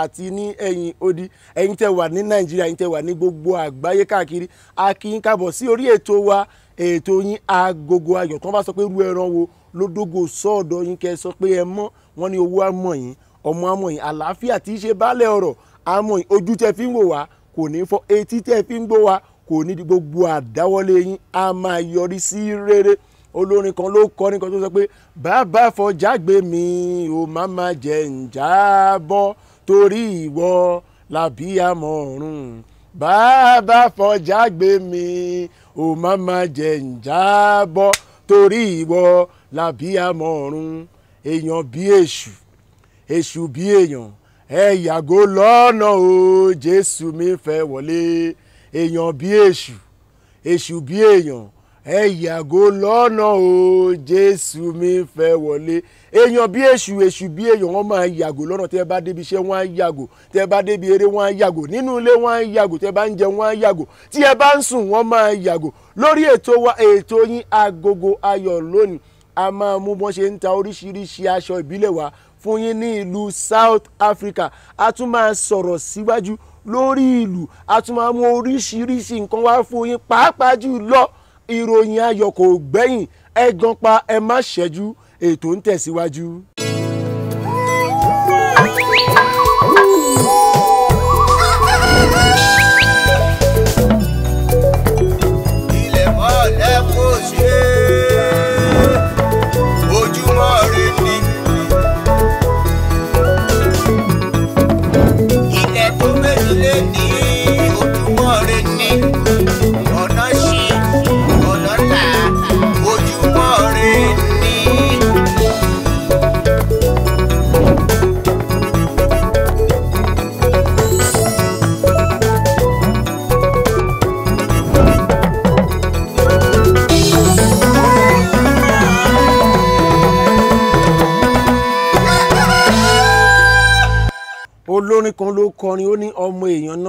àti ní ẹ̀yìn odi ẹ̀yin tẹ́ wà ní nàìjíríà ẹ̀yin tẹ́ wà ní gbogbo àgbáyé káàkiri a kí yín káàbọ̀ sí orí ètò wa ètò yín agogo ayọ̀ tí wọ́n bá sọ pé ru ẹran wo lódógò sọ́ọ̀dọ̀ yín kẹ́ sọ pé ẹ mọ́ wọn ní owó àmọ̀ yín ọmọ àmọ̀ yín àlàáfíà tí í ṣe baálẹ̀ ọ̀rọ̀ àmọ̀ yín ojú tẹ́ fi ń wò wá kò ní fọ́ etí tẹ́ fi ń gbọ́ wá kò ní di gbogbo àdáwọ́lé yín á máa yọrí sí rere olórin kan ló kọrin kan tó sọ pé bàbá fọjá gbé mi ò má má jẹ ǹjá bọ́ torí ìwọ làbíyamọ ọ̀run bàbá fọjá gbé mi ò má má jẹ ǹjábọ́ torí ìwọ làbíyamọ ọ̀run èèyàn bí èṣù èṣù bí èèyàn ẹ yàgò lọ́nà o jésù mi fẹ́ wọlé èèyàn bí èṣù èṣù bí èèyàn ẹ yàgò lọ́nà o jésù mi fẹ́ wọlé èèyàn bí èṣù èṣù bí èèyàn wọn máa yàgò lọ́nà tẹ́ bá débi iṣẹ́ wọn á yàgò tẹ́ bá débi eré wọn á yàgò nínú ilé wọn á yàgò tẹ́ bá ń jẹ wọn á yàgò tí ẹ bá ń sùn wọn máa yàgò lórí ètò wa ètò yín agogo ayọ̀ lónìí a máa mú bọ́n ṣe ń ta oríṣiríṣi aṣọ ìbílẹ̀ wa fún yín ní ìlú South Africa a tún máa sọ̀rọ̀ síwájú lórí ìlú a tún máa mú oríṣiríṣi nǹkan wá fún yín pàápàá jù lọ ìròyìn ayọ̀ kò gbẹ́yìn ẹ pa ẹ má ṣẹ́jú ètò ń tẹ̀síwájú.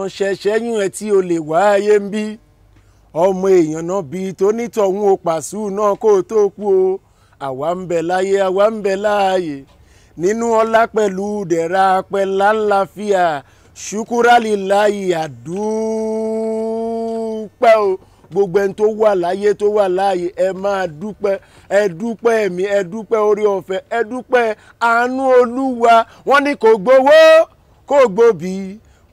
èèyàn ṣẹ̀ṣẹ̀ yún ẹ tí o lè wá ayé ń bí ọmọ èèyàn náà bíi tónítọ̀hún o pàṣù náà kó o tó kú o àwa ń bẹ láyé àwa ń bẹ láàyè nínú ọlá pẹ̀lú dẹ̀ra pẹ̀lá ńlá fíà ṣukuralilayi àdúpẹ́ o gbogbo ẹni tó wà láyé tó wà láàyè ẹ máa dúpẹ́ ẹ dúpẹ́ ẹ̀mí ẹ dúpẹ́ orí ọ̀fẹ́ ẹ dúpẹ́ àánú olúwa wọ́n ní kò gbowó kò gbòbí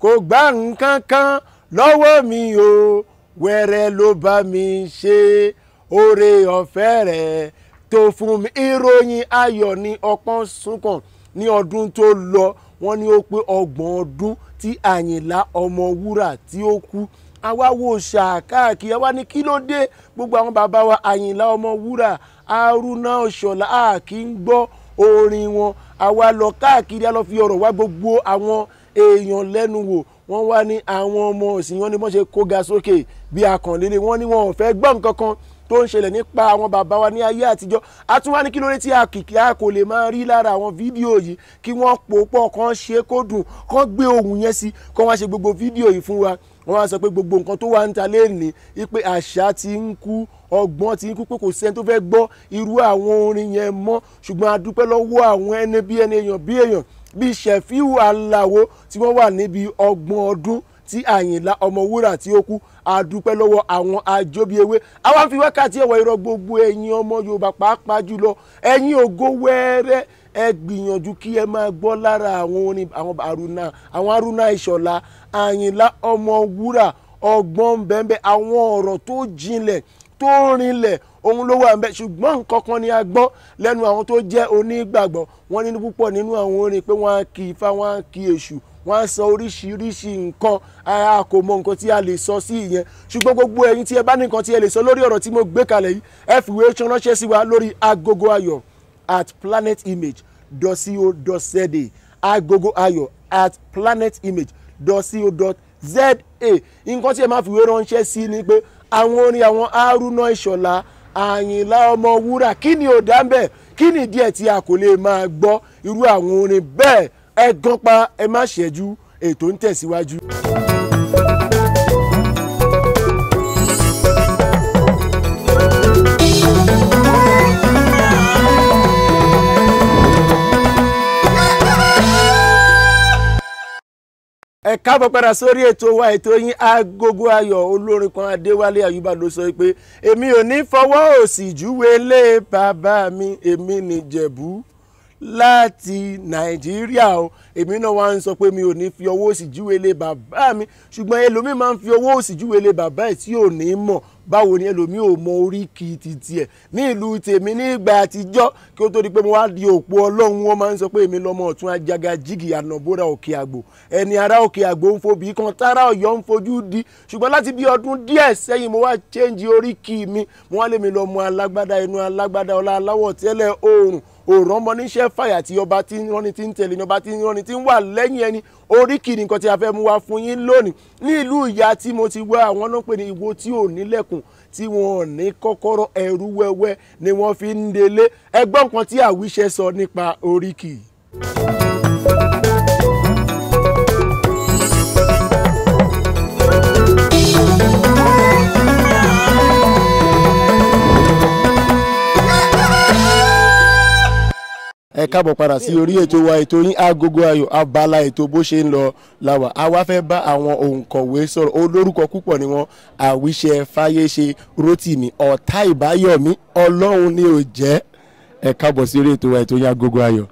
kò gbà nǹkan kan lọ́wọ́ mi o wẹ́rẹ́ ló bá mi ṣe oore ọ̀fẹ́ rẹ̀ tó fún mi ìròyìn ayọ̀ ní ọpọ́n sunkàn ní ọdún tó lọ wọ́n ní ó pé ọgbọ̀n ọdún tí àyìnlá ọmọ wúrà tí ó kú àwa wo ṣàkáàkiri àwa ní kí ló dé gbogbo àwọn bàbá wa àyìnlá ọmọ wúrà arúná ọ̀ṣọ́lá àkí ń gbọ́ orin wọn àwa lọ káàkiri a fi ọ̀rọ̀ wá gbogbo àwọn èèyàn lẹ́nu wò wọ́n wá ní àwọn ọmọ òsìn wọn ni wọ́n ṣe kó ga sókè bí akànlélé wọ́n ní wọn ò fẹ́ gbọ́ nǹkan kan tó ń ṣẹlẹ̀ nípa àwọn bàbá wa ní ayé àtijọ́ a tún wá ní kí lóore tí àkìkí a kò lè máa rí lára àwọn fídíò yìí kí wọ́n pò pọ̀ kán ṣe kó dùn kán gbé ohùn yẹn sí kán wá ṣe gbogbo fídíò yìí fún wa wọ́n wá sọ pé gbogbo nǹkan tó wà ń ta lẹ́ẹ̀ni pé àṣà ti ń kú ọgbọ́n ti ń kú pé kò sẹ́ni tó fẹ́ gbọ́ irú àwọn orin yẹn mọ́ ṣùgbọ́n a dúpẹ́ lọ́wọ́ àwọn ẹni bí ẹni èèyàn bí èèyàn bíi Ṣẹ̀fíù Aláwo tí wọ́n wà níbi ọgbọ̀n ọdún tí Àyìnlá Ọmọwúrà tí ó kú àdúpẹ́ lọ́wọ́ àwọn àjọbíewé àwa fi wákàtí ẹ̀wọ̀ irọ́ gbogbo ẹ̀yin ọmọ Yorùbá pàápàá jùlọ ẹ̀yin ògo wẹ́rẹ́ ẹ gbìyànjú kí ẹ máa gbọ́ lára àwọn orin àwọn àrùnà àwọn àrùnà ìṣọ̀lá Àyìnlá Ọmọwúrà ọgbọ́n bẹ́ẹ̀ àwọn ọ̀rọ̀ tó jinlẹ̀ tó rinlẹ̀ òun ló wà ń ṣùgbọ́n nǹkan ni a gbọ́ lẹ́nu àwọn tó jẹ́ onígbàgbọ́ wọ́n nínú púpọ̀ nínú àwọn orin pé wọ́n á kí ifá wọ́n á kí èṣù wọ́n á sọ oríṣiríṣi nǹkan a kò mọ nǹkan tí a lè sọ sí ìyẹn ṣùgbọ́n gbogbo ẹ̀yin tí ẹ bá ní nǹkan tí ẹ lè sọ lórí ọ̀rọ̀ tí mo gbé kalẹ̀ yìí ẹ fìwé ránṣẹ́ sí wa lórí agogo ayọ̀ at planet image dọ́síodọ́sẹ́dẹ̀ agogo ayọ̀ at planet image dọ́síodọ́sẹ́dẹ̀ nǹkan tí ẹ máa fìwé ránṣẹ́ sí ni pé àwọn orin àwọn Haruna Ìṣọ̀lá àyìnlá ọmọ wúrà kí ni ò dá ń bẹ̀ kí ni díẹ̀ tí a kò lè máa gbọ́ irú àwọn orin bẹ́ẹ̀ ẹ gan pa ẹ má ṣẹ́jú ètò ń tẹ̀síwájú. ẹ káàbọ̀ padà sórí ètò wa ètò yín agogo ayọ̀ olórin kan adéwálé àyùbá ló sọ pé èmi ò ní fọwọ́ òsì júwe lé bàbá mi èmi nìjẹ̀bú láti nàìjíríà o èmi náà wá ń sọ pé mi ò ní fi ọwọ́ òsì júwe lé bàbá mi ṣùgbọ́n ẹlòmíì máa ń fi ọwọ́ òsì júwe lé bàbá ẹ̀ tí ò ní mọ̀ báwo ni ẹlòmíì ò mọ oríkì títí ẹ̀ ní ìlú tèmi ní ìgbà àtijọ́ kí ó tó di pé mo wá di òpó ọlọ́run wọn máa ń sọ pé èmi lọ́mọ ọ̀tún ajaga jígì ànàbóra òkè àgbò ẹni ará òkè àgbò ń fobi kan tára ọ̀yọ́ ń fojú di ṣùgbọ́n láti bí ọdún díẹ̀ sẹ́yìn mo wá change oríkì mi mo wá lèmi lọ́mọ alágbádá inú alágbádá ọlá aláwọ̀ tẹ́lẹ̀ oòrùn òòrùn ọmọ níṣẹ́ fàyà tí ọba tí ń rọ́ni tí ń tẹ̀lé ní ọba tí ń rọ́ni tí ń wà lẹ́yìn ẹni oríkìrì nǹkan tí a fẹ́ mú wá fún yín lónìí ní ìlú ìyá tí mo ti wá àwọn náà pè ní ìwo tí ò nílẹ̀kùn tí wọn ò ní kọ́kọ́rọ́ ẹrú wẹ́wẹ́ ni wọ́n fi ń delé ẹgbọ́n kan tí àwíṣẹ́ sọ nípa oríkì. káàbọ̀ padà sí orí ètò wa ètò yín agogo ayò abala ètò bó ṣe ń lọ làwà a wá fẹ́ bá àwọn òǹkọ̀wé sọ̀rọ̀ olórúkọ púpọ̀ ni wọ́n àwíṣe fáyéṣe rotimi ọ̀tá ìbáyọ̀mí ọlọ́run ni ò jẹ́ ẹ káàbọ̀ sí orí ètò wa ètò yín agogo ayò.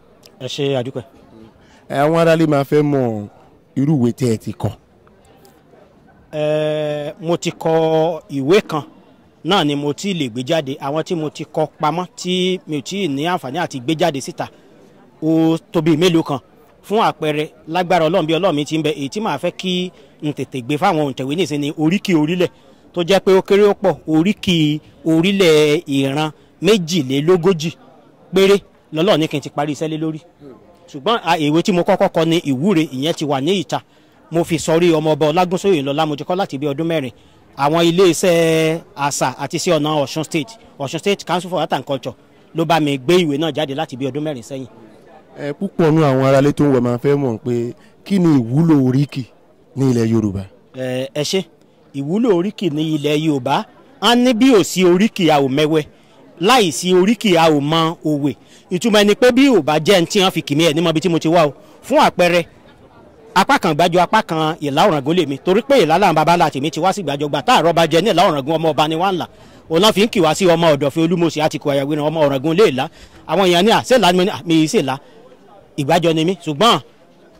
ẹ ṣe àdúpẹ́. àwọn aráàlú máa fẹ́ mọ irú ìwé tí ẹ ti kọ. ẹ mo ti kọ ìwé kan náà ni mo ti lè gbé jáde àwọn tí mo ti kọ pamọ́ tí mi ò tí ì ní àǹfààní àti gbé jáde síta ó tóbi mélòó kan fún àpẹẹrẹ lágbára ọlọ́run bí ọlọ́run mi ti ń bẹ èyí tí màá fẹ́ kí n tètè gbé fáwọn òǹtẹ̀wé nìsín ni oríkì orílẹ̀ tó jẹ́ pé ó kéré ó pọ̀ oríkì orílẹ̀ ìran méjìlélógójì péré lọ́lọ́run ní kí n ti parí iṣẹ́ lé lórí ṣùgbọ́n èwe tí mo kọ́kọ́ kọ ni ìwúre ìyẹn ti wà ní ìta mo fi sọrí ọmọ ọba ọlágúnsóyè lọlá mo ti kọ́ láti bí ọdún mẹ́rin àwọn iléeṣẹ́ àṣà àti iṣẹ́ ọ̀nà ọ̀ṣun state ọ̀ṣun state council for art and culture ló bá mi gbé ìwé náà jáde láti bí ọdún mẹ́rin sẹ́yìn ẹ púpọ̀ nú àwọn aráalé tó ń wọ̀ máa fẹ́ mọ̀ pé kí ni ìwúlò oríkì ní ilẹ̀ yorùbá. ẹ ṣe ìwúlò oríkì ní ilẹ̀ yorùbá á ní bí ò sí oríkì a ò mẹ́wẹ́ láì sí oríkì a ò mọ òwe ìtumọ̀ ẹni pé bí ò bá jẹ́ ẹni tí wọ́n fi kì mí ẹ̀ nímọ̀ bí tí mo ti wá o fún àpẹẹrẹ apá kan gbàjọ apá kan ìlà ọ̀ràngún lèmi torí pé ìlà làǹbà bá láti mi ti wá sí gbàjọ gbà tá bá jẹ ní ìlà ọ̀ràngún ọmọ ọba ni wọ́n ń là òun náà fi ń kì wá sí ọmọ ọ̀dọ̀fin olúmọ̀ọ́sì àti àyàwé ọmọ ọ̀ràngún lè là àwọn èèyàn ní àṣẹ là mi ì ṣe là ìgbàjọ ni mí ṣùgbọ́n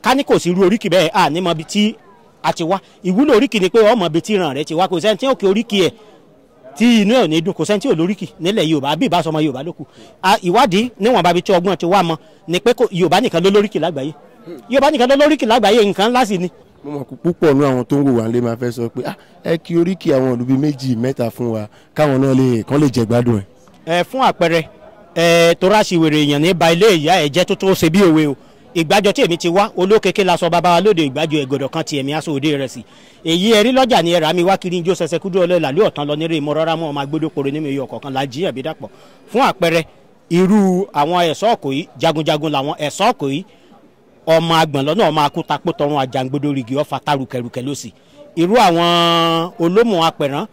ká ní kò sí irú oríkì bẹ́ẹ̀ à ní mọ ibi tí a ti wá ìwúlò oríkì ni pé ọmọ ibi tí ràn rẹ ti wá kò sẹ́ni tí ó kí oríkì ẹ̀ tí inú ẹ̀ ò ní dùn kò sẹ́ni tí ò lóríkì nílẹ̀ yorùbá bí ìbá sọmọ yorùbá ló kù ìwádìí níwọ̀n bá bi tí ọgbọ́n ti wá mọ ni pé yorùbá nìkan ló lóríkì lágbàáyé yorùbá nìkan ló lóríkì lágbàáyé nǹkan ńlá sì ni mo mọ̀ púpọ̀ nú àwọn tó ń wò wá lé máa fẹ́ sọ pé ah, ẹ kí oríkì àwọn ìlú méjì mẹ́ta fún wa káwọn náà lè kán lè jẹ ẹ̀. ẹ fún àpẹẹrẹ tora ṣìwèrè èèyàn ní ba ilé ìyá ẹ̀ jẹ́ tó ṣe bí òwe o ìgbàjọ tí èmi ti wá olókeke la sọ bàbá wa lóde ìgbàjọ ẹ̀gọ̀dọ̀ kan tiẹ̀ mi aṣọ òde rẹ̀ sí èyí ẹ̀rí lọ́jà ni ẹ̀rà mi wá kiri njó ṣẹṣẹ kúdú ọlọ́ọ̀lá lé ọ̀tán lọ nírè mọ́ rárá mọ́ ọmọ agbódókòrò nínú iye ọ̀kọ̀ọ̀kan la jí ẹ̀bí dàpọ̀ fún àpẹẹrẹ irú àwọn ẹ̀ṣọ́ ọkọ̀ yìí jagunjagun làwọn ẹ̀ṣọ́ ọkọ̀ yìí ọmọ agbọ̀nlọ́ náà máa kú tapó tọrun àjàngbodò rìgì ọ̀fà tarùkẹ̀rùkẹ̀ irú àwọn olómù apẹ̀rán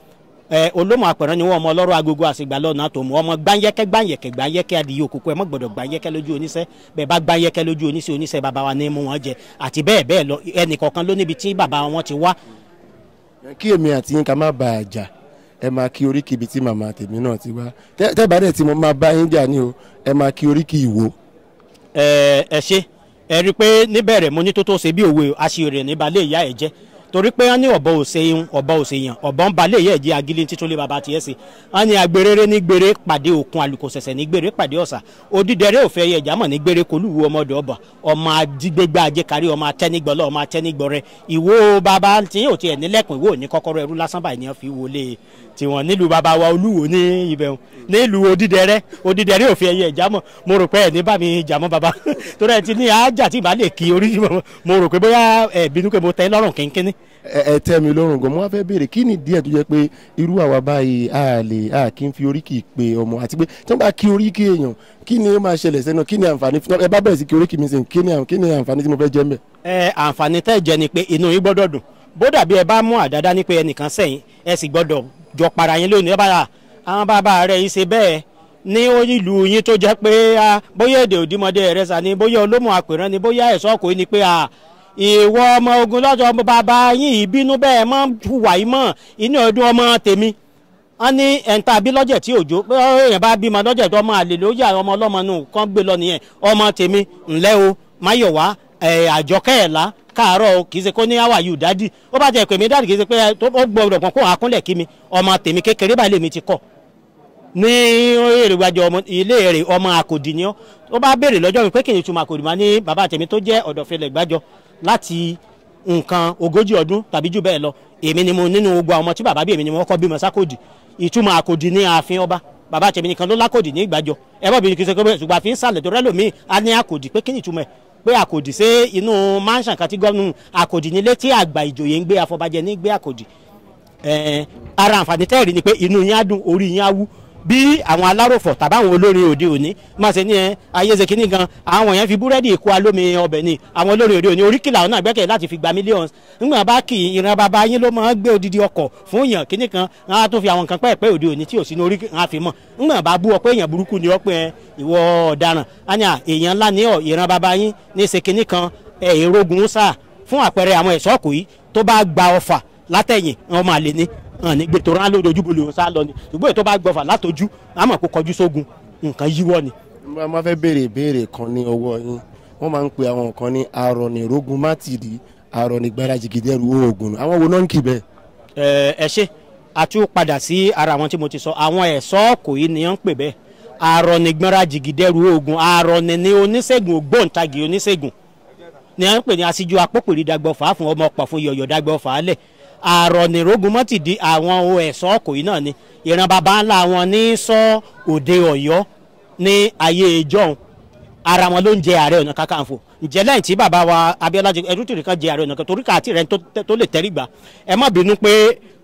ẹ olómọ àpẹrán ni wọn ọmọ ọlọ́rọ̀ agogo àṣegbà lọnà tó mú ọmọ gbáyẹkẹ gbáyẹkẹ gbáyẹkẹ adìyẹ òkùnkùn ẹ mọ gbọ́dọ̀ gbáyẹkẹ lójú oníṣẹ́ bẹ́ẹ̀ bá gbáyẹkẹ lójú oníṣẹ́ oníṣẹ́ bàbá wa ní mú wọn jẹ àti bẹ́ẹ̀ bẹ́ẹ̀ lọ ẹnìkọ̀ọ̀kan ló níbi tí bàbá wọn ti wá. kí èmi àti yín ká má ba àjà ẹ máa kí oríkì ibi tí màmá tèmi náà ti wá tẹ́bà dẹ̀ tí mo máa bá yín jà ní o ẹ máa kí oríkì ìwo. ẹ ẹ ṣe ẹ rí i pé níbẹ̀rẹ̀ mo ní tó tó ṣe bí òwe àṣìírí ní ìyá ẹ̀ jẹ́ torí pé wọ́n ní ọ̀bọ òsèyàn ọ̀bọ òsèyàn ọ̀bọ ń balẹ̀ yẹ̀ jẹ́ agilé títónlé baba tiẹ̀ sí wọ́n ní agbèrèrè ní gbèrè pàdé òkun àlùkò sẹ̀sẹ̀ ní gbèrè pàdé ọ̀sà odídẹrẹ́ òfẹ́ yẹ jámọ̀ ní gbèrè kolúwo ọmọdé ọba ọmọ adigbégbá ajékarí ọmọ atẹ́nigbọ́lọ́ ọmọ atẹ́nigbọ́rẹ́ ìwo baba tí yóò tiẹ̀ nílẹ̀kùn ìwo ní kọ́kọ́rọ́ ẹrú lásán báyìí ni wọ́n fi wọlé tiwọn nílùú bàbá wa olúwo ní ibẹ̀ wọn nílùú odídẹrẹ́ odídẹrẹ́ òfin ẹ̀yẹ ìjámọ̀ mo rò pé ẹ̀ ní bá mi jàmọ́ bàbá torí ẹ ti ní ajá tí ìbá lè kí orí mo rò pé bóyá ẹ bínú pé mo tẹ́ lọ́rùn kínkínní. ẹ tẹ́ mi lọ́rùn gan mo wá fẹ́ béèrè kí ni díẹ̀ tó jẹ́ pé irú àwa báyìí a lè a kì í fi oríkì pe ọmọ àti pé tí wọ́n bá kí oríkì èèyàn kí ni ó máa ṣẹlẹ̀ sẹ́nu kí ni àǹfààní ẹ bá bẹ̀rẹ̀ sí kí oríkì mi sìn kí ni àǹfààní tí mo fẹ́ jẹ́ mbẹ̀. ẹ àǹfààní tẹ́ jẹ ni pé inú yín gbọ́dọ̀ dùn bódà bí ẹ bá mú àdáda ní pé ẹnìkan sẹ́yìn ẹ sì gbọ́dọ̀ jọ para yín lónìí bára àwọn bàbá rẹ̀ yìí ṣe bẹ́ẹ̀ ní ìlú yín tó jẹ́ pé bóyá èdè òdìmọ̀dé rẹ̀ sà ni bóyá olómù àpèrán ni bóyá ẹ̀ṣọ́ ọkùnrin ni pé ìwọ ọmọ ogun lọ́jọ́ bàbá yín ìbínú bẹ́ẹ̀ mọ́ hùwà yìí mọ́ inú ọdún ọmọ tèmi wọ́n ní ẹ̀ǹta bí lọ́jẹ̀ tí òjò èèyàn bá bímọ lọ́jẹ̀ tó ọmọ àlè lóyè àwọn ọmọ ọlọ́mọ nù kán gbé lọ nìyẹn ọmọ tèmi ńlẹ́ o máyọ̀wá àjọkẹ́ ẹ̀ la káàárọ̀ o kì í ṣe kó ní how are daddy ó bá jẹ́ pé mi daddy kì í ṣe pé ó gbọ́dọ̀ kan kó àkúnlẹ̀ kí mi ọmọ tèmi kékeré báyìí lèmi ti kọ́ ní èrèwájú ọmọ ilé èrè ọmọ àkòdì ni ó ó bá béèrè lọ́jọ́ mi pé kí ni ìtumọ̀ àkòdì máa ní bàbá tèmi tó jẹ́ ọ̀dọ̀fẹ́lẹ̀ gbájọ láti nǹkan ogójì ọdún tàbí jù bẹ́ẹ̀ lọ èmi ni mo nínú gbogbo àwọn ọmọ tí bàbá bí èmi ni mo kọ́ bímọ sákòdì ìtumọ̀ àkòdì ní ààfin ọba bàbá tèmi nìkan ló lákòdì ní ìgbàjọ ẹ bọ́ bí kìí ṣe pé ṣùgbọ́n àfi ń sàlẹ̀ tó rẹ́lòmíì á ní àkòdì pé kí ni ìtumọ̀ ẹ̀ pé àkòdì ṣé inú mansion kan tí gómìnà àkòdì nílé tí àgbà ìjòyè ń gbé àfọbàjẹ ní gbé àkòdì ara àǹfààní tẹ́ẹ̀rí ni pé inú yín á dùn orí yín á wú bí àwọn aláròfọ̀ tàbáwọn olórin òde òní máa ṣe ní ẹ ayéṣe kínní gan àwọn èèyàn fi búrẹ́dì kó alómi ọbẹ̀ ni àwọn olórin òde òní oríkìlà ọ̀nà gbẹ́kẹ̀ láti fi gba millions nígbà bá kì í ìran bàbá yín ló máa ń gbé odidi ọkọ̀ fún kínní kan á tún fi àwọn nǹkan òde òní tí ò sí ní orí fi ọ èèyàn burúkú ni anya ni ní kan yìí hàn ní gbé torí lórí ojúbọ lòun sá lọ ni ṣùgbọ́n ètò bá gbọ́fà látọjú àmọ́ kó kọjú sógun nǹkan yíwọ́ ni. mo máa fẹ́ béèrè ìbéèrè kan ní ọwọ́ yín wọ́n máa ń pe àwọn kan ní arọ̀nìrógun mátìrì arọ̀nìgbàràjì gidẹ́rù oògùn àwọn wo náà ń kì bẹ́ẹ̀. ẹ ṣe àti ó padà sí ara àwọn tí mo ti sọ àwọn ẹ̀ṣọ́ kò yí ni wọ́n ń pè bẹ́ẹ̀ arọ̀nìgbàràjì gidẹ́rù oògùn arọ̀nì ni oníṣègùn ògbóǹtagì oníṣègùn ni wọ́n pè ní aṣíjú apópèrè fún ọmọ ọ̀pọ̀ fún yọ̀yọ̀ dàgbọ́ àrọ̀nìrógunmọ́tì di àwọn ohun ẹ̀ṣọ́ ọkùnrin náà ni ìran bàbá ńlá wọn ní sọ òde ọ̀yọ́ ní ayé ìjọun ara wọn ló ń jẹ ààrẹ ọ̀nà kakanfò ǹjẹ́ lẹ́yìn tí bàbá wa Abíọ́lá Ẹdútìrì kan jẹ ààrẹ ọ̀nà kan torí káàtì rẹ̀ tó lè tẹ́rí gbà ẹ má bínú pé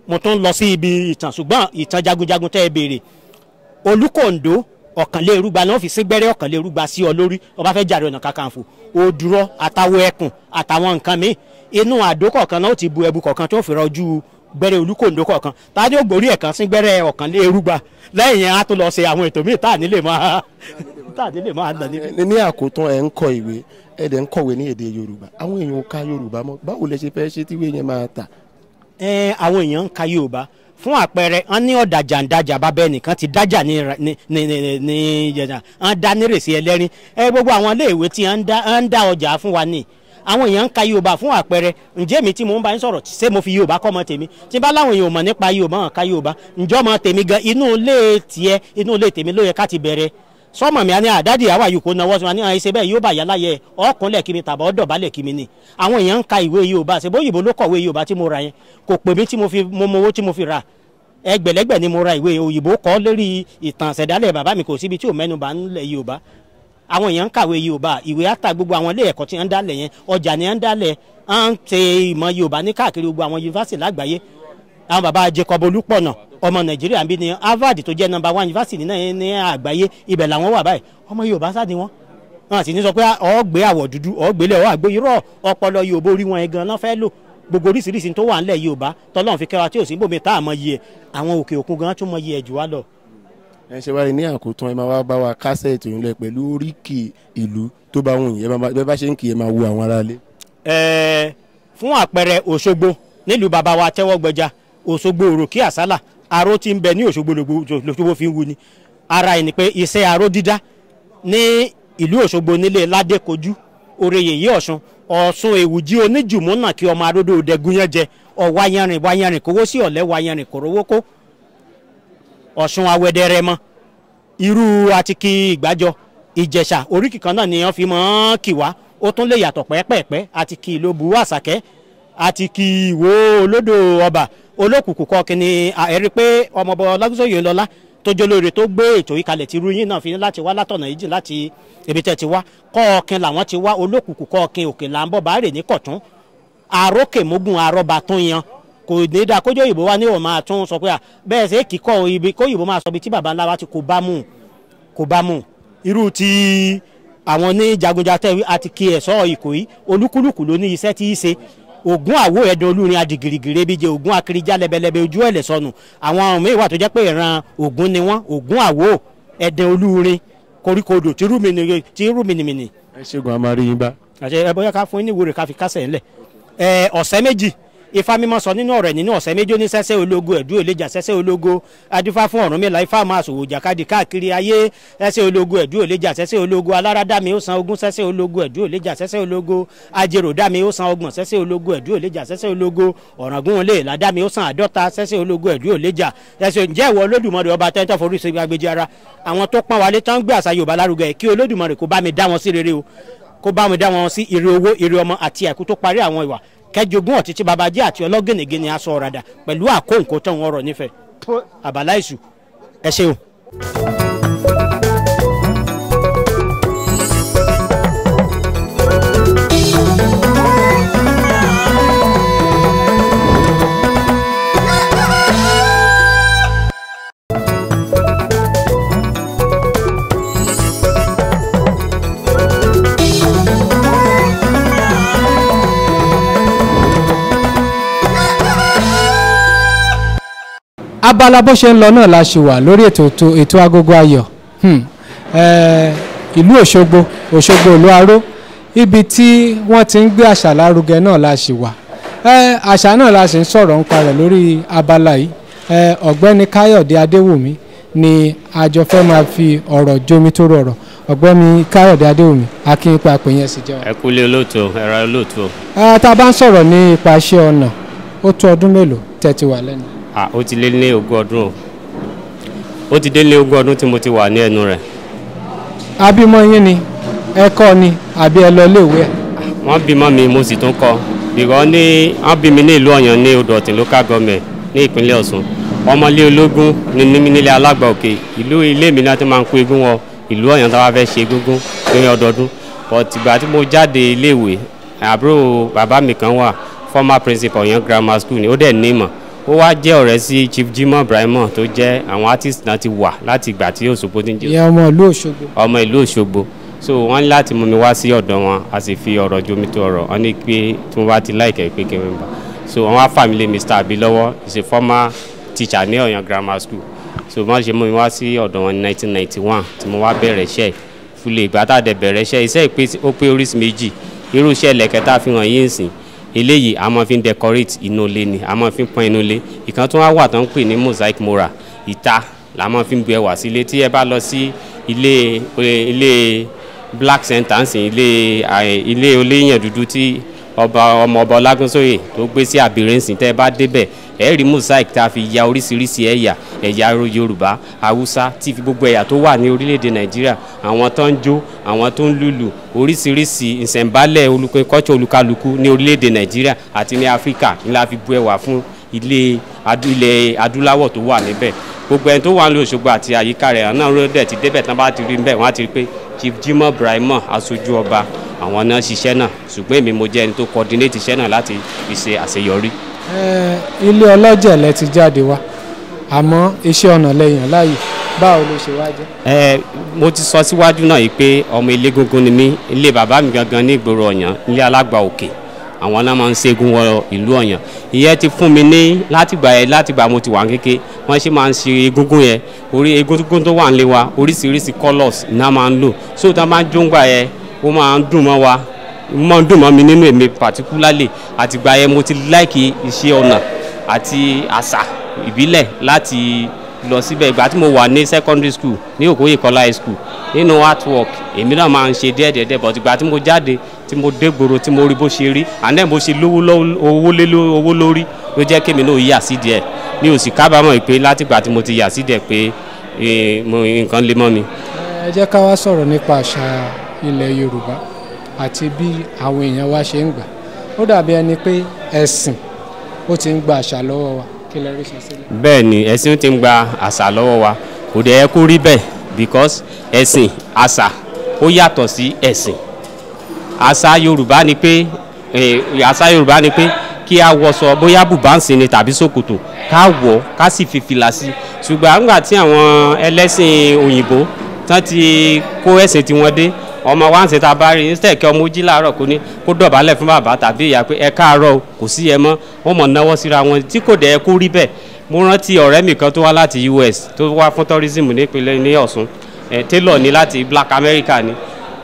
mo tún lọ sí ibi ìtàn ṣùgbọ́n ìtàn jagunjagun tẹ́ ẹ béèrè Olúkòǹdó ọ̀kànlérúgba náà fi sígbẹ́rẹ́ ọ̀kànlérúgba sí ọ lórí ọba fẹ́ jàre ọnà kakanfò òdùrọ̀ àtàwọ̀ ẹkùn àtàwọn nǹkan mi inú àdó kọ̀ọ̀kan náà ó ti bu ẹbu kọ̀ọ̀kan tó fi rọjú gbẹ́rẹ́ olúkòǹdó kọ̀ọ̀kan tàbí ó gbórí ẹ̀kan sí gbẹ́rẹ́ yẹn tó lọ ṣe àwọn ètò míì nílé máa nílé máa níbi. ní àkótán ń kọ ìwé dẹ̀ ń kọ̀wé ní èdè yorùbá àwọn èèyàn ka yorùbá mọ́ báwo ṣe fẹ́ ṣe yẹn máa ẹ àwọn èèyàn ń ka yorùbá fún àpẹẹrẹ wọn ní ọ̀dàjà ǹdàjà bàbá nìkan ti dájà ní yẹn wọn dá nírèsí ẹlẹ́rìn ẹ gbogbo àwọn iléèwé tí wọn ń dá ọjà fún wa nìyí àwọn èèyàn ń ka yorùbá fún àpẹẹrẹ ǹjẹ́ mi tí mo ń bá yín sọ̀rọ̀ ṣé mo fi yorùbá kọ́ ọmọ tèmi tí bá láwọn èèyàn mọ̀ nípa yorùbá hàn ká yorùbá ǹjọ́ ọmọ tèmi gan inú ilé tiẹ̀ inú ilé tèmi ló yẹ ká ti bẹ̀rẹ̀ sọmọ mi àní àdáàdì ah, àwa yìí kò náwó sọmọ àní ah, ṣe bẹ́ẹ̀ yóò bá yà láyé ọkùnlẹ̀ kí mi tàbá ọ̀dọ̀bálẹ̀ kí mi ni àwọn èèyàn ń ka ìwé Yorùbá ṣe bóyìnbó ló kọ̀wé Yorùbá tí mo ra yẹn kò pè mí tí mo fi mo mowó tí mo fi ra ẹgbẹ̀lẹ́gbẹ̀ ni mo ra ìwé òyìnbó kọ́ lérí ìtàn ṣẹ̀dálẹ̀ bàbá mi kò síbi tí ò mẹ́nuba ńlẹ̀ Yorùbá àwọn èèyàn ń kàwé Yorùbá ìwé àtà gbogbo àwọn ilé ẹ̀kọ́ tí wọ́n ń dálẹ̀ yẹn ọjà ni wọ́n ń dálẹ̀ à ń tẹ ìmọ̀ Yorùbá ní káàkiri gbogbo àwọn yunifásitì lágbàáyé àwọn bàbá Jacob Olúpọ̀nà ọmọ Nàìjíríà bí ní Harvard tó jẹ́ number one university náà ní àgbáyé ibẹ̀ làwọn wà báyìí ọmọ Yorùbá sáà ni wọ́n wọn àti ní sọ pé ọ̀ọ́gbé àwọ̀ dúdú ọ̀ọ́gbélé ọ̀ọ́gbé irọ́ ọpọlọ Yorùbá orí wọn gan náà fẹ́ lò gbogbo oríṣiríṣi tó wà nílẹ̀ Yorùbá tọ́lọ́run fi kẹwàá tí ò sí bòmí tá àmọ́ yìí ẹ̀ àwọn òkè òkun gan tún mọ yìí ẹ̀ jù wá lọ. ẹ ṣe wá rí ní àkótán ẹ máa wá bá wa kásẹ̀tì òun lẹ pẹ̀lú oríkì ìlú tó bá wùn yìí ẹ bá ṣe ń kì í máa wo àwọn aráalé. ẹ fún àpẹẹrẹ Òṣogbo nílùú bàbá wa Tẹ́wọ́gbẹjà Òṣogbo òròkè àsálà aró tí ń bẹ ní Òṣogbo lòṣogbo fi ń wu ni ara ẹ̀ ni pé iṣẹ́ aró dídá ní ìlú Òṣogbo nílé Ládékojú Oreyèyé Ọ̀ṣun Ọ̀ṣun èwùjí oníjùmọ́nà kí ọmọ aródó dẹ̀gúnyán jẹ ọ̀wáyanrìn wáyanrìn kówó sí ọ̀lẹ́ wáyanrìn kòrówó kó Ọ̀ṣun awẹ́dẹ́rẹ́mọ irú àtìkí ìgbàjọ ìjẹ̀ṣà oríkì kan náà ni wọ́n fi mọ́ kì wá ó tún lè yàtọ̀ pẹ́ẹ́pẹ́ẹ́pẹ́ àtìkí ìlóbu àṣàkẹ́ àtìkí ìwó olódò ọba olókùkù kọkì ni ẹ̀rí pé ọmọọba ọlágúnsóyè ńlọlá tó jólóore tó gbé ètò ìkàlẹ̀ tí ruyìn náà fi ní láti wá látọ̀nà yìí jì láti ibi tẹ́ ti wá kọ́ọ̀kin làwọn ti wá olókùkù kọ́ọ̀kin òkè là ń bọ̀ bá rè ní kọ̀tún àrókè mógùn àrọ́bà tó yan kò ní dáa kójó òyìnbó wa ní òun máa tún sọ pé à bẹ́ẹ̀ ṣe kíkọ́ ibi kóyìnbó máa sọ ibi tí baba ńlá wa ti kò bá mú kò bá mú irú ti àwọn ní jagunjatẹ́ àti kí ẹ̀ṣọ́ Ìkòyí olúkúlùkù ló ní iṣẹ́ tí í ṣe ògún àwo ẹ̀dùn olúrin adìgìrìgìrì ebi jẹ ògún akirija lẹbẹlẹbẹ ojú ẹ̀lẹ̀ sọnù àwọn ọ̀hún mi wà tó jẹ́ pé ìran ògún ni wọ́n ògún àwo ẹ̀dùn olúrin koríkodò tí rú mìnìmìnì. ẹ ṣègùn àmàrí yín bá. àṣẹ ẹ bóyá ká fún yín ní ìwúre ká fi kásẹ̀ ńlẹ̀ ọ̀sẹ̀ méjì ìfamímọ sọ nínú ọ̀rọ̀ ẹ̀ nínú ọ̀sẹ̀ méjì ní sẹ́sẹ́ ológo ẹ̀dú òlẹ́jà sẹ́sẹ́ ológo adífá fún Ọ̀rúnmìlà ifá máa ṣòwò jàkadì káàkiri ayé sẹ́sẹ́ ológo ẹ̀dú òlẹ́jà sẹ́sẹ́ ológo aláradàmí ó san ogún sẹ́sẹ́ ológo ẹ̀dú òlẹ́jà sẹ́sẹ́ ológo ajéròdàmí ó san ọgbọ̀n sẹ́sẹ́ ológo ẹ̀dú òlẹ́jà sẹ́sẹ́ ológo ọ̀ràngúnlé ládàmí ó san àádọ́ta sẹ́sẹ́ ológo ẹ̀dú òlẹ́jà sẹ́sẹ́ ǹjẹ́ ìwọ olódùmarè ọba tẹ́ńtọ́ forí sí agbèjì ara àwọn tó pọ́n wálé tán gbé àṣà Yorùbá lárugẹ kí olódùmarè kó bá mi dá wọn sí rere o kó bá mi dá wọn sí ire owó ire ọmọ àti àìkú tó parí àwọn ìwà kẹjogún ọ̀títí babajẹ́ àti ọlọ́gẹ̀nẹ̀gẹ̀ ni aṣọ ọ̀ràdà pẹ̀lú àkóǹkó tán ọ̀rọ̀ nífẹ̀ẹ́ àbáláìsù ẹ ṣeun. abala bó ṣe ń lọ náà la ṣe wà lórí ètò ètò agogo ayọ̀ hmm. ìlú Òṣogbo Òṣogbo ìlú ibi tí wọ́n ti ń gbé àṣà lárugẹ náà la ṣe wà àṣà náà la ṣe ń sọ̀rọ̀ nípa rẹ̀ lórí abala yìí ọ̀gbẹ́ni Káyọ̀dé Adéwùmí ni àjọ fẹ́ máa fi ọ̀rọ̀ jomi tó rọrọ̀ ọ̀gbẹ́ni Káyọ̀dé Adéwùmí akínpa àpèyàn sì jẹ́ wa. ẹ kúlé olóòtú ẹ̀rọ olóòtú. tá bá ń sọ̀rọ̀ ní ipa iṣẹ́ ọnà ó tó ọdún mélòó tẹ́ wà lẹ́nu à ó ti lé ní ogún ọdún o ó ti dé ní ogún ọdún tí mo ti wà ní ẹnu rẹ̀. abímọ yín ni ẹ kọ́ ni àbí ẹ lọ iléèwé ẹ. wọ́n bímọ mi mo sì tún kọ́ bìkọ́ ní wọ́n bí mi ní ìlú ọ̀yàn ní odò ọ̀tìn local government ní ìpínlẹ̀ ọ̀ṣun ọmọlé ológun ní nílé alágbà òkè ìlú ilé mi náà ti máa ń kó eégún wọ ìlú ọ̀yàn tá a bá ṣe egungun ní ọdọọdún but tí mo jáde iléèwé àbúrò bàbá mi kan wà former principal yan grammar school ni ó dẹ̀ ní ìmọ̀ ó wá jẹ́ ọ̀rẹ́ sí Chief Jimoh Ibrahimoh tó jẹ́ àwọn artist náà ti wà láti ìgbà tí Òṣogbo ti ń jẹ́. ìyẹn ọmọ ìlú Òṣogbo. ọmọ ìlú Òṣogbo so wọ́n ní láti mú mi wá sí ọ̀dọ̀ wọn a sì fi ọ̀rọ̀ jomi tó ọ̀rọ̀ wọ́n ní pé tí wọ́n bá ti láìkẹ́ pé kí wọ́n bá so wọ́n wá fàmílẹ̀ Mr. Abi lọ́wọ́ is a former teacher ní Ọ̀yàn grammar school so wọ́n ṣe mú mi wá sí ọ̀dọ̀ wọn ní 1991 tí mo wá bẹ̀rẹ̀ iṣẹ́ fúlẹ̀ ìgbà tá a dẹ̀ bẹ̀rẹ̀ iṣẹ́ iṣẹ́ ìpè eléyìí a máa fi ń decorate inú ilé ni a máa fi ń pọ́n inú ilé ìkan tó wá wà tó ń pè ní mosaic mora ìta la máa fi ń bu ẹwà sí ilé tí ẹ bá lọ sí ilé ilé black center ń sìn ilé ilé oléyàn dúdú tí ọba ọmọ ọba ọlágúnsóyè tó gbé sí àbèrè ńsìn tẹ́ ẹ bá débẹ̀ ẹ rí mosaic tá a fi ya oríṣiríṣi ẹ̀yà ẹ̀yà yorùbá haúsá tí fi gbogbo ẹ̀yà tó wà ní orílẹ̀-èdè nàìjíríà àwọn tó ń jó àwọn tó ń lùlù oríṣiríṣi ìṣẹ̀ǹbálẹ̀ kọ́tsọ̀ olúkálukú ní orílẹ̀-èdè nàìjíríà àti ní áfíríkà ńlá fi bu ẹwà fún ilé adúláwọ̀ tó wà níbẹ̀ gbogbo ẹni tó wà ní òṣogbo àti àyíká rẹ̀ náà ló dẹ̀ ti débẹ̀ tán bá ti rí níbẹ̀ wọ́n á ti rí pé Chief Jimoh Brahima aṣojú ọba àwọn náà ṣiṣẹ́ náà ṣùgbọ́n èmi mo jẹ́ ẹni tó coordinate iṣẹ́ náà láti fi ṣe àṣeyọrí. ilé ọlọ́jẹ̀ lẹ ti jáde wá àmọ́ iṣẹ́ ọ̀nà lẹ́yìn láàyè báwo ló ṣe wá jẹ́. ẹ mo ti sọ síwájú náà yìí pé ọmọ ilé gógó ni mí ilé bàbá mi gangan ní ìgboro ọ̀yàn ilé alágbà òkè. Okay àwọn náà máa ń ṣẹ́gun wọ ìlú ọ̀yàn ìyẹn ti fún mi ní látìgbà yẹn látìgbà mo ti wà kéke wọ́n ṣe máa ń ṣe egungun yẹn orí egungun tó wà ń lé wa oríṣiríṣi colours náà máa ń lò so tá a máa ń jóńgbà yẹn ó máa ń dùn mọ́ wa mọ́ ń dùn mọ́ mi nínú èmi particularly àtìgbà yẹn mo ti láìkì iṣẹ́ ọ̀nà àti àṣà ìbílẹ̀ láti lọ síbẹ̀ ìgbà tí mo wà ní secondary school ní Okoye Kola high school nínú artwork èmi náà máa ń ṣe díẹ̀díẹ̀díẹ̀ but ìgbà tí mo jáde tí mo dé gbòòrò tí mo rí bó ṣe rí àná bó ṣe lówó owó lé owó lórí ló jẹ́ kémi náà yà sí díẹ̀ mi ò sì kábàámọ̀ pé látìgbà tí mo ti yà sí díẹ̀ pé e, nǹkan lè mọ́ mi. ẹ jẹ́ ká wá sọ̀rọ̀ nípa àṣà ilẹ̀ Yorùbá àti bí àwọn èèyàn wa ṣe ń gbà ó dàbí ẹni pé ẹ̀sìn ó ti ń gba àṣà lọ́wọ́ wa kí lè rí sọ sílẹ̀. bẹ́ẹ̀ ni ẹ̀sìn ti ń gba àṣà lọ́wọ́ wa kò dẹ̀ ẹ kó rí bẹ́ẹ̀ because ẹ̀sìn àṣà ó yàtọ̀ sí ẹ̀sìn àṣà yorùbá ni pé àṣà yorùbá ni pé kí a wọṣọ bóyá bùbáǹsì ni tàbí ṣòkòtò ká wọ̀ ká sì fi fìlà sí ṣùgbọ́n àgbà tí àwọn ẹlẹ́sìn òyìnbó tán ti kó ẹ̀sìn tiwọn dé ọmọ wa ń ṣe ta bá rí instead kí ọmọ ojí láàárọ̀ kó ní kó dọ̀bálẹ̀ fún bàbá tàbí ìyá pé ẹ káàárọ̀ kò sí ẹ mọ́ wọ́n mọ̀ náwó síra wọn tí kò dẹ̀ kó rí bẹ́ẹ̀ mo rántí ọ̀rẹ́ mi kan tó wá láti US tó wá fún tourism nípínlẹ̀ ní Ọ̀ṣun tẹ́lọ̀ ni láti Black America ni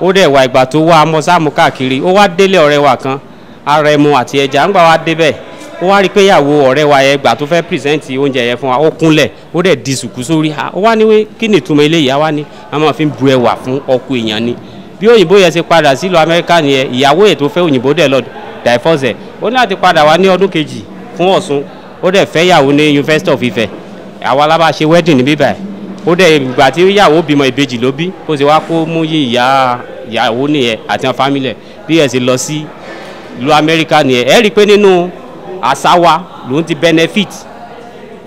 ó dẹ̀ wà ìgbà tó wá amọ́sáàmù káàkiri ó wá délé ọ̀rẹ́ wa kan ara ẹmu àti ẹja ńgbà wá débẹ̀ ó wá rí i pé ìyàwó ọ̀rẹ́ wa yẹn gbà tó fẹ́ pìrìsẹ́ǹtì oúnjẹ yẹn fún wa ó kúnlẹ̀ ó dẹ̀ di sùkú sórí ha ó wá ní wé kí ni ìtumọ̀ eléyìí á wá ní a máa fi bu ẹwà fún ọkọ èèyàn ni bí òyìnbó yẹn ṣe padà sílùú amẹ́ríkà nìyẹn ìyàwó yẹn tó fẹ́ òyìnbó dẹ̀ lọ dàífọ́sẹ̀ ó ní láti padà wá ní ọdún kejì fún ọ̀sùn ó dẹ̀ fẹ́ ìyàwó ní University of Ife àwa la bá ṣe wedding níbí báyìí ó dẹ̀ ìgbà tí ìyàwó bímọ ìbejì ló bí ó sì wá kó mú yí ìyá ìyàwó nìyẹn àti àwọn fámìlẹ̀ bí ẹ̀ sì lọ sí ìlú amẹ́ríkà nìyẹn ẹ̀ rí i pé nínú àṣà wa lòun ti benefit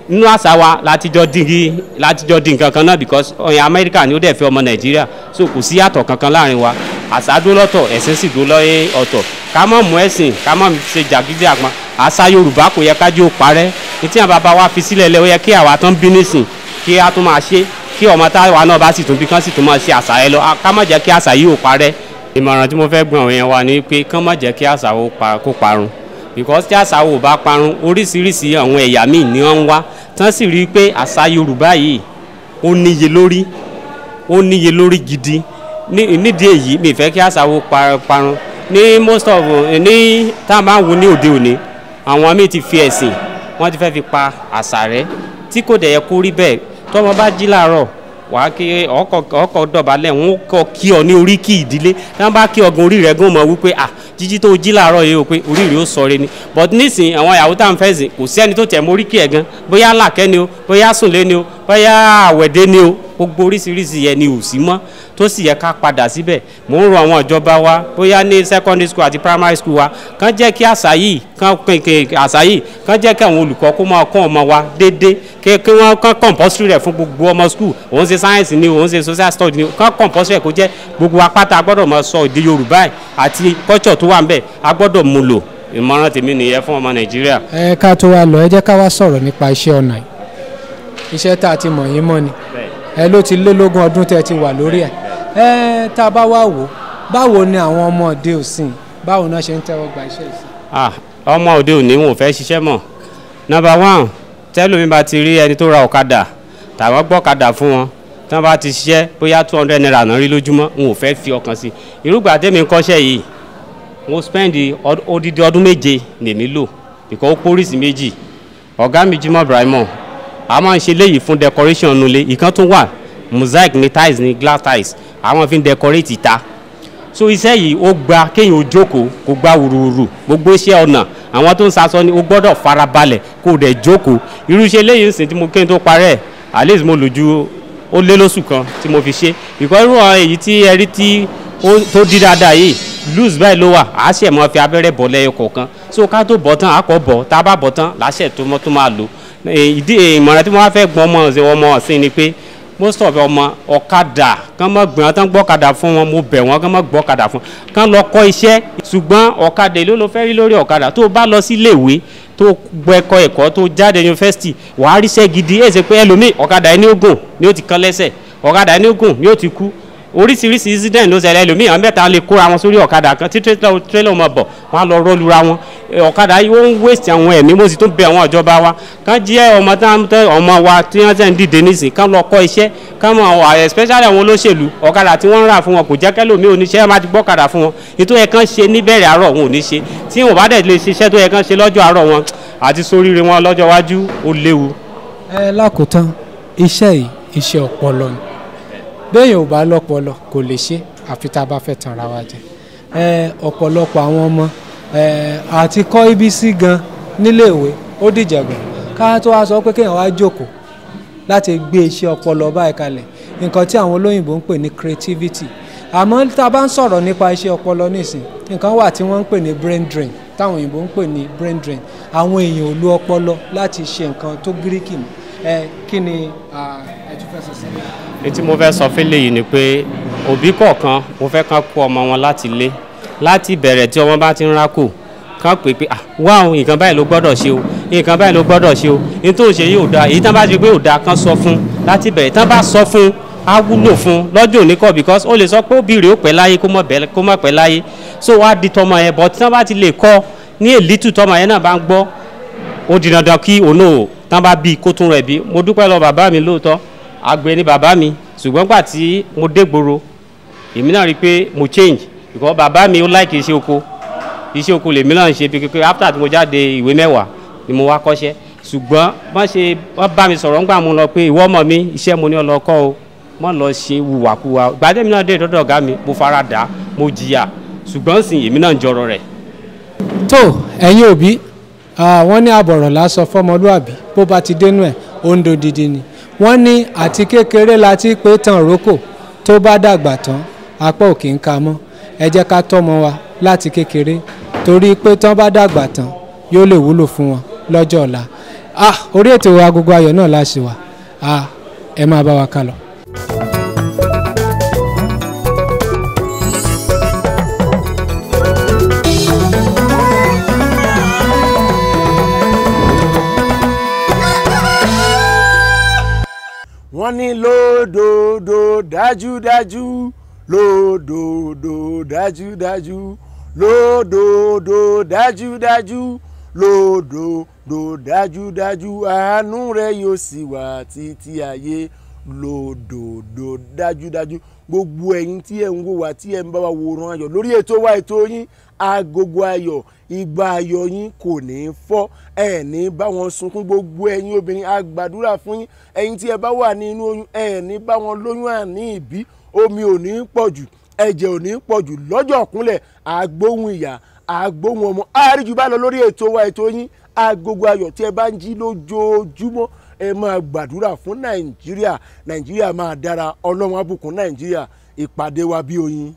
nínú àṣà wa látijọ́ dín látijọ́ dín kankan náà because ọ̀yàn amẹ́ríkà ni ó dẹ̀ fẹ́ ọmọ nàìjíríà so kò sí yàtọ̀ kankan láàrin wa àṣà dó lọ́tọ̀ ẹ̀sìn sì dó lọ́yẹ́ ọ̀tọ̀ ká mọ̀ mú ẹ̀sìn ká mọ̀ ṣe jàgídí àgbọn àṣà yorùbá kò yẹ kájú parẹ́ ní tí àwọn bàbá wa fi sílẹ̀ lẹ́ ó yẹ kí àwa tán bí nísìn kí a tún máa ṣe kí ọmọ táwa náà bá sì tún bí kán sì tún máa ṣe àṣà ẹ lọ ká má jẹ́ kí àṣà yìí ò parẹ́. ìmọ̀ràn tí mo fẹ́ gbọ́n àwọn yẹn wá ni pé kán má jẹ́ kí àṣà ò kó parun because tí àṣà ò bá parun oríṣiríṣi àwọn ẹ̀yà míì ni wọ́n ń wá tán sì rí i pé àṣà Yorùbá yìí ó níye lórí ó níye lórí gidi nídìí èyí mi fẹ́ kí àṣà ò parun ní most of ní tá a máa ń wo ní òde òní àwọn míì ti fi ẹ̀sìn wọ́n ti fẹ́ fi pa àṣà rẹ̀ tí kò dẹ̀ yẹ kó rí bẹ́ẹ̀ tọ́mọ bá jí làárọ̀ wàá kí ọkọ ọkọ dọ̀bálẹ̀ ń kọ kí ọ ní orí kí ìdílé tí wọ́n bá kí ọgàn orí rẹ̀ gún mọ́ wípé à jíjí tó jí làárọ̀ yìí o pé orí rẹ̀ ó sọ̀rọ̀ ni but nísìnyí àwọn ìyàwó tá à ń fẹ́ sìn kò sẹ́ni tó tẹ̀ mọ́ orí kí ẹ̀ gan bóyá làkẹ́ ni o bóyá sùnlé ni o bóyá àwẹ̀dẹ ni o gbogbo oríṣiríṣi yẹn ni ò sí mọ́ tó sì yẹ ká padà síbẹ̀ mò ń rọ àwọn ìjọba wa bóyá ní secondary school àti primary school wa kàn jẹ́ kí àṣà yìí kàn kéèké àṣà yìí kàn jẹ́ kí àwọn olùkọ́ kó máa kọ́ ọmọ wa déédéé kí wọ́n kàn compulsory rẹ̀ fún gbogbo ọmọ school òun ṣe science ni òun ṣe social studies ni kán compulsory kó jẹ́ gbogbo apáta gbọ́dọ̀ máa sọ èdè yorùbá àti culture tó wà ń bẹ̀ a gbọ́dọ̀ mú lò ìmọ̀ràn tèmi nìyẹn fún ọmọ nàìjíríà. ẹ ká tó wa lọ ẹ jẹ́ ká wá sọ̀rọ̀ nípa iṣẹ́ ọnà iṣẹ́ tá a ti mọ̀ yín mọ́ ni ẹ ló ti lé lógún ọdún tẹ́ ti wà lórí ẹ̀ ẹ tá a bá wá wò báwo ni àwọn ọmọ òde òsìn báwo náà ṣe ń tẹ́wọ́ gba iṣẹ́ ìsìn. ọmọ òde òní wọn ò fẹ́ ṣiṣẹ́ mọ́ number one tẹ́lómi bá ti rí ẹni tó ra ọ̀kadà tàwọn gbọ́ fún wọn tí wọ́n bá ti ṣiṣẹ́ bóyá two hundred naira náà rí lójúmọ́ n ò fẹ́ fi ọkàn sí i irúgbà tèmi ń kọ́ṣẹ́ yìí mo spend odidi ọdún méje lèmi lò ìkọ́ ó méjì ọ̀gá mi Jimoh Ibrahim a máa ń ṣe léyìí fún decoration nulẹ̀ ìkan tún wà mosaic ni tiles ni glass tiles àwọn fi ń decorate ìta so iṣẹ́ yìí ó gba kéèyàn ó jókòó kó gba wùrùwùrù gbogbo iṣẹ́ ọ̀nà àwọn tó ń sasọ ni ó gbọ́dọ̀ farabalẹ̀ kó o dẹ̀ jókòó irú iṣẹ́ léyìí ń sìn tí mo kéyìn tó parẹ́ at mo lò ju ó lé lóṣù kan tí mo fi ṣe ìkọ́rù àwọn èyí tí ẹ rí tí tó di dáadáa yìí loose báyìí ló wà á ṣe mọ́ fi abẹ́rẹ́ bọ̀ lẹ́yọ kọ̀ọ̀kan so ká tó bọ̀ tán á kọ́ bọ̀ tá a bá bọ̀ tán láṣẹ tó mọ́ tó máa lò ìmọ̀ràn tí wọ́n fẹ́ gbọ́n ọmọ ọ̀sìn ni pé most of ọmọ ọ̀kadà kán mọ̀ gbọ́n tán gbọ́ ọ̀kadà fún wọn mo bẹ̀ wọ́n kán mọ̀ gbọ́ ọ̀kadà fún kán lọ kọ́ iṣẹ́ ṣùgbọ́n ọ̀kadà èló ló fẹ́ rí lórí ọ̀kadà tó o bá lọ sí iléèwé tó gbọ́ ẹ̀kọ́ ẹ̀kọ́ tó jáde yunifásitì wàá ríṣẹ́ gidi ẹ̀ ṣe pé ẹlòmíì ọ̀kadà ẹni ogun ni ó ti kán lẹ́sẹ̀ ọ̀kadà ẹni ogun ni ó ti kú oríṣiríṣi incident ló ṣẹlẹ̀ ẹlòmíì àwọn mẹ́ta lè kóra wọn sórí ọ̀kadà kan tí tírélọ̀ mọ̀ bọ̀ wọ́n á lọ rọ́lura wọn ọ̀kadà yìí ó ń wéṣì àwọn ẹ̀mí mo sì tún bẹ àwọn ìjọba wa kán jẹ́ ọmọ tẹ ọmọ wa tí wọ́n tẹ̀ ń dìde nísìn kán lọ kọ́ iṣẹ́ kán mọ especially àwọn olóṣèlú ọ̀kadà tí wọ́n ń rà fún wọn kò jẹ́ kẹ́lòmí oníṣẹ́ má ti gbọ́kadà fún wọn ètò ẹ̀ kán ṣe níbẹ̀rẹ̀ àárọ̀ wọn ò ní ṣe tí wọn bá dẹ̀ lè ṣiṣẹ́ tó yẹ kán ṣe lọ́jọ́ àárọ̀ wọn àti soríire wọn ọ̀pọ̀lọpọ̀ àwọn ọmọ àti kọ́ ibi sí gan níléèwé ó dìjàgbọ̀n ká tó wá sọ pé kéèyàn wá jókòó láti gbé iṣẹ́ ọpọlọ báyìí kalẹ̀ nǹkan tí àwọn olóyìnbó ń pè ní creativity àmọ́ tá a bá ń sọ̀rọ̀ nípa iṣẹ́ ọpọlọ nísìn nǹkan wà tí wọ́n ń pè ní brain drain táwọn òyìnbó ń pè ní brain drain àwọn èèyàn ò lo ọpọlọ láti ṣe nǹkan tó gíríkì mọ́ ẹ kí ni ẹ tún sí etí mo fẹ́ sọ fẹ́lẹ̀ yìí ni pé òbí kọ̀ọ̀kan mo fẹ́ kán kó ọmọ wọn láti ilé láti bẹ̀rẹ̀ tí ọmọ bá ti ń rákò kàn pé pé wá àwọn nǹkan báyìí ló gbọ́dọ̀ ṣe o nǹkan báyìí ló gbọ́dọ̀ ṣe o ní tó ṣe yóò dáa èyí tán bá ṣe pé ò dáa kán sọ fún láti bẹ̀rẹ̀ tán bá sọ fún á wúlò fún lọ́jọ́ òní kọ́ because ó lè sọ pé òbí rẹ̀ ó pẹ́ láyé kó mọ̀ pẹ́ láyé so wá di tọmọ yẹn bọ́ tán bá ti lè kọ́ ní èlítù tọmọ yẹn náà bá ń gbọ́ ó di dandan kí òun náà tán bá bí kó tún rẹ̀ bí mo dúpẹ́ lọ bàbá mi lóòótọ́ àgbẹ̀ ni bàbá mi ṣùgbọ́n gbà mo dégboro èmi náà rí i pé mo change because bàbá mi ó láìkì iṣẹ́ oko iṣẹ́ oko lèmi náà ń ṣe pé after tí mo jáde ìwé mẹ́wàá ni mo wá kọ́ṣẹ́ ṣùgbọ́n wọ́n ṣe wọ́n bá mi sọ̀rọ̀ ńgbà mo lọ pé ìwọ ọmọ mi iṣẹ́ mo ní ọ lọ kọ́ o mọ́ lọ ṣe wùwàkuwà gbàdé mi náà dé ìdọ́dọ̀ ọ̀gá mi mo fara dà mo jìyà ṣùgbọ́n sìn èmi náà ń jọrọ rẹ̀. tó ẹ̀yin òbí wọ́n ní àbọ̀rọ̀ lásọ fọmọlúàbí bó bá ti dénú ẹ̀ ondo didi ni wọ́n ní àti kékeré la pé tàn rókò tó bá dàgbà tán apá òkè ń ka mọ́ ẹ jẹ́ ká tọ́mọ wa láti kékeré torí pé tán bá dàgbà tán yóò lè wúlò fún wọn lọ́jọ́ ọ̀la ah, orí ètò agogo ayọ̀ náà la ṣì ah, ẹ máa bá wa ká lọ. wọ́n ní lódodo dájúdájú lódòdó dájúdájú lódòdó dájúdájú lódòdó dájúdájú àánú rẹ yóò sì wà títí ayé lódòdó dájúdájú gbogbo ẹ̀yin tí ẹ ń wò wá tí ẹ ń bá wa wòran ayọ̀ lórí ètò wa ètò yín agogo ayọ̀ ìgbà ayọ̀ yín kò ní fọ́ ẹ ní bá wọn sunkún gbogbo ẹ̀yin obìnrin a gbàdúrà fún yín ẹ̀yin tí ẹ bá wà ní inú oyún ẹ ní bá wọn lóyún àní ìbí omi ò ní pọ̀ jù ẹ̀jẹ̀ ò ní pọ̀ jù lọ́jọ́ ọ̀kúnlẹ̀ àgbóhun ìyá àgbóhun ọmọ àríjù bá lọ lórí ètò wa ètò yín agogo ayọ̀ tí ẹ bá ń jí lójoojúmọ́ ẹ máa gbàdúrà fún nàìjíríà nàìjíríà máa dára ọlọ́run abùkún nàìjíríà ìpàdé wa bí oyin.